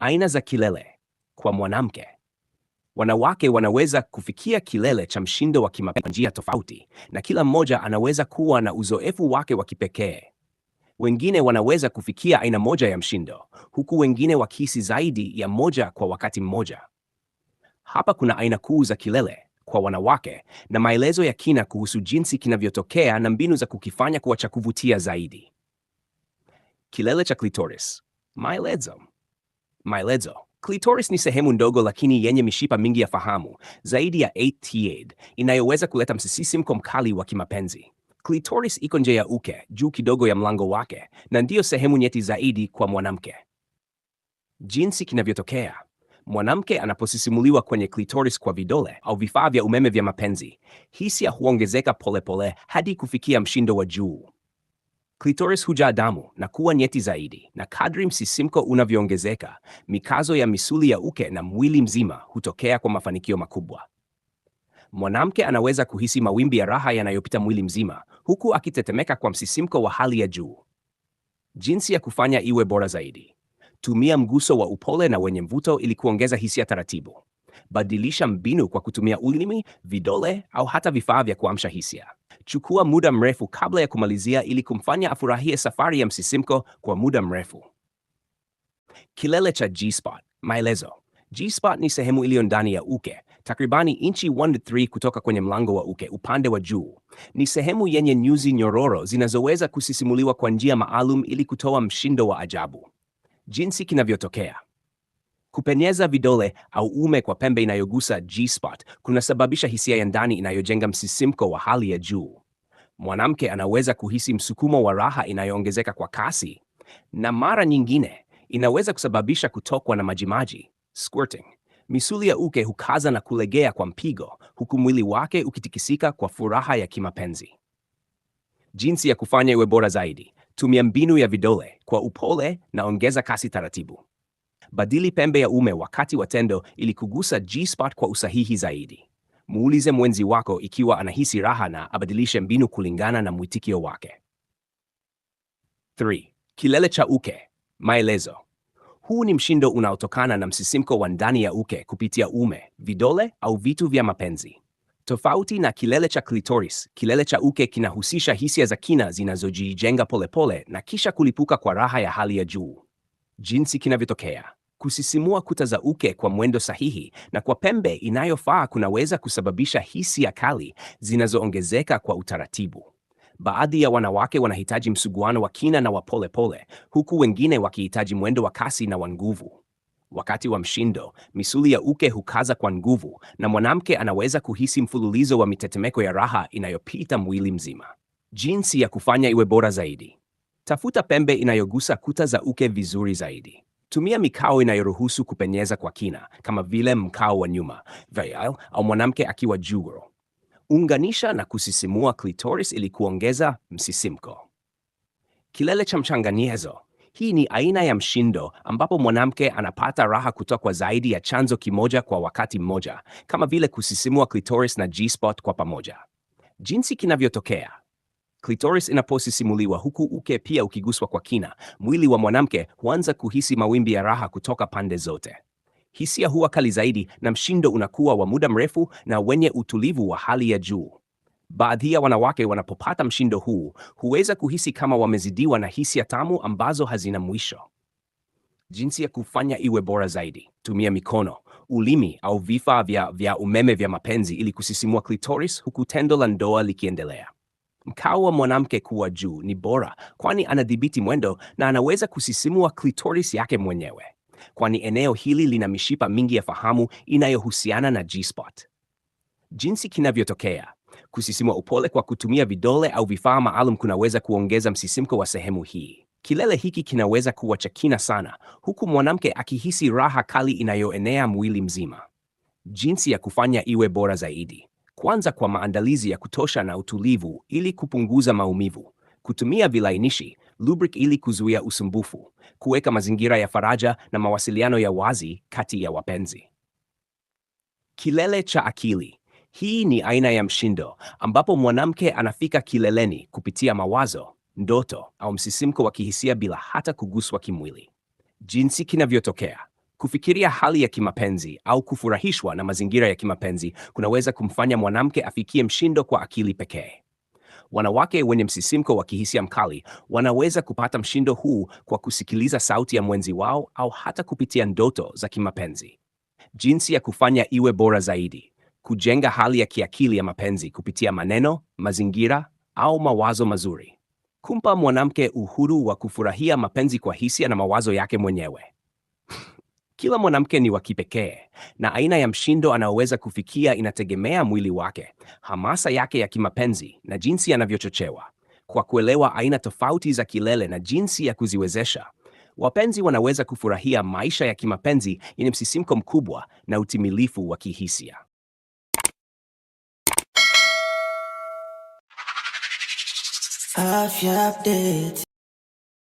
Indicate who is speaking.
Speaker 1: Aina za kilele kwa mwanamke. Wanawake wanaweza kufikia kilele cha mshindo wa kimapenzi kwa njia tofauti, na kila mmoja anaweza kuwa na uzoefu wake wa kipekee. Wengine wanaweza kufikia aina moja ya mshindo, huku wengine wakihisi zaidi ya moja kwa wakati mmoja. Hapa kuna aina kuu za kilele kwa wanawake na maelezo ya kina kuhusu jinsi kinavyotokea na mbinu za kukifanya kuwa cha kuvutia zaidi. Kilele cha clitoris. Maelezo. Maelezo: Clitoris ni sehemu ndogo lakini yenye mishipa mingi ya fahamu, zaidi ya 8 inayoweza kuleta msisimko mkali wa kimapenzi. Clitoris iko nje ya uke, juu kidogo ya mlango wake, na ndiyo sehemu nyeti zaidi kwa mwanamke. Jinsi kinavyotokea: mwanamke anaposisimuliwa kwenye clitoris kwa vidole au vifaa vya umeme vya mapenzi, hisia huongezeka polepole hadi kufikia mshindo wa juu. Klitoris huja damu na kuwa nyeti zaidi, na kadri msisimko unavyoongezeka, mikazo ya misuli ya uke na mwili mzima hutokea kwa mafanikio makubwa. Mwanamke anaweza kuhisi mawimbi ya raha yanayopita mwili mzima, huku akitetemeka kwa msisimko wa hali ya juu. Jinsi ya kufanya iwe bora zaidi: tumia mguso wa upole na wenye mvuto ili kuongeza hisia taratibu. Badilisha mbinu kwa kutumia ulimi, vidole au hata vifaa vya kuamsha hisia huchukua muda mrefu kabla ya kumalizia ili kumfanya afurahie safari ya msisimko kwa muda mrefu. Kilele cha G-spot. Maelezo. G-spot ni sehemu iliyo ndani ya uke, takribani inchi 1-3 kutoka kwenye mlango wa uke upande wa juu. Ni sehemu yenye nyuzi nyororo zinazoweza kusisimuliwa kwa njia maalum ili kutoa mshindo wa ajabu. Jinsi kinavyotokea. Kupenyeza vidole au ume kwa pembe inayogusa G-spot kunasababisha hisia ya ndani inayojenga msisimko wa hali ya juu. Mwanamke anaweza kuhisi msukumo wa raha inayoongezeka kwa kasi, na mara nyingine inaweza kusababisha kutokwa na majimaji squirting. Misuli ya uke hukaza na kulegea kwa mpigo, huku mwili wake ukitikisika kwa furaha ya kimapenzi. Jinsi ya kufanya iwe bora zaidi: tumia mbinu ya vidole kwa upole na ongeza kasi taratibu. Badili pembe ya ume wakati wa tendo ili kugusa G-spot kwa usahihi zaidi. Muulize mwenzi wako ikiwa anahisi raha na abadilishe mbinu kulingana na mwitikio wake. 3. Kilele cha uke. Maelezo. Huu ni mshindo unaotokana na msisimko wa ndani ya uke kupitia ume, vidole au vitu vya mapenzi. Tofauti na kilele cha clitoris, kilele cha uke kinahusisha hisia za kina zinazojijenga polepole na kisha kulipuka kwa raha ya hali ya juu. Jinsi kinavyotokea. Kusisimua kuta za uke kwa mwendo sahihi na kwa pembe inayofaa kunaweza kusababisha hisia kali zinazoongezeka kwa utaratibu. Baadhi ya wanawake wanahitaji msuguano wa kina na wa polepole, huku wengine wakihitaji mwendo wa kasi na wa nguvu. Wakati wa mshindo, misuli ya uke hukaza kwa nguvu na mwanamke anaweza kuhisi mfululizo wa mitetemeko ya raha inayopita mwili mzima. Jinsi ya kufanya iwe bora zaidi: tafuta pembe inayogusa kuta za uke vizuri zaidi. Tumia mikao inayoruhusu kupenyeza kwa kina kama vile mkao wa nyuma VAL, au mwanamke akiwa juu. Unganisha na kusisimua clitoris ili kuongeza msisimko. Kilele cha mchanganiezo Hii ni aina ya mshindo ambapo mwanamke anapata raha kutoka kwa zaidi ya chanzo kimoja kwa wakati mmoja, kama vile kusisimua clitoris na G-spot kwa pamoja. Jinsi kinavyotokea. Klitoris inaposisimuliwa huku uke pia ukiguswa kwa kina, mwili wa mwanamke huanza kuhisi mawimbi ya raha kutoka pande zote. Hisia huwa kali zaidi na mshindo unakuwa wa muda mrefu na wenye utulivu wa hali ya juu. Baadhi ya wanawake wanapopata mshindo huu huweza kuhisi kama wamezidiwa na hisia tamu ambazo hazina mwisho. Jinsi ya kufanya iwe bora zaidi: tumia mikono, ulimi au vifaa vya, vya umeme vya mapenzi ili kusisimua clitoris huku tendo la ndoa likiendelea. Mkao wa mwanamke kuwa juu ni bora, kwani anadhibiti mwendo na anaweza kusisimua klitoris yake mwenyewe, kwani eneo hili lina mishipa mingi ya fahamu inayohusiana na G-spot. Jinsi kinavyotokea kusisimua upole kwa kutumia vidole au vifaa maalum kunaweza kuongeza msisimko wa sehemu hii. Kilele hiki kinaweza kuwa cha kina sana, huku mwanamke akihisi raha kali inayoenea mwili mzima. Jinsi ya kufanya iwe bora zaidi: kwanza kwa maandalizi ya kutosha na utulivu ili kupunguza maumivu, kutumia vilainishi lubric ili kuzuia usumbufu, kuweka mazingira ya faraja na mawasiliano ya wazi kati ya wapenzi. Kilele cha akili. Hii ni aina ya mshindo ambapo mwanamke anafika kileleni kupitia mawazo, ndoto au msisimko wa kihisia bila hata kuguswa kimwili. Jinsi kinavyotokea: Kufikiria hali ya kimapenzi au kufurahishwa na mazingira ya kimapenzi kunaweza kumfanya mwanamke afikie mshindo kwa akili pekee. Wanawake wenye msisimko wa kihisia mkali wanaweza kupata mshindo huu kwa kusikiliza sauti ya mwenzi wao au hata kupitia ndoto za kimapenzi. Jinsi ya kufanya iwe bora zaidi: kujenga hali ya kiakili ya mapenzi kupitia maneno, mazingira au mawazo mazuri. Kumpa mwanamke uhuru wa kufurahia mapenzi kwa hisia na mawazo yake mwenyewe. Kila mwanamke ni wa kipekee na aina ya mshindo anaoweza kufikia inategemea mwili wake, hamasa yake ya kimapenzi na jinsi anavyochochewa. Kwa kuelewa aina tofauti za kilele na jinsi ya kuziwezesha, wapenzi wanaweza kufurahia maisha ya kimapenzi yenye msisimko mkubwa na utimilifu wa kihisia. Afya update.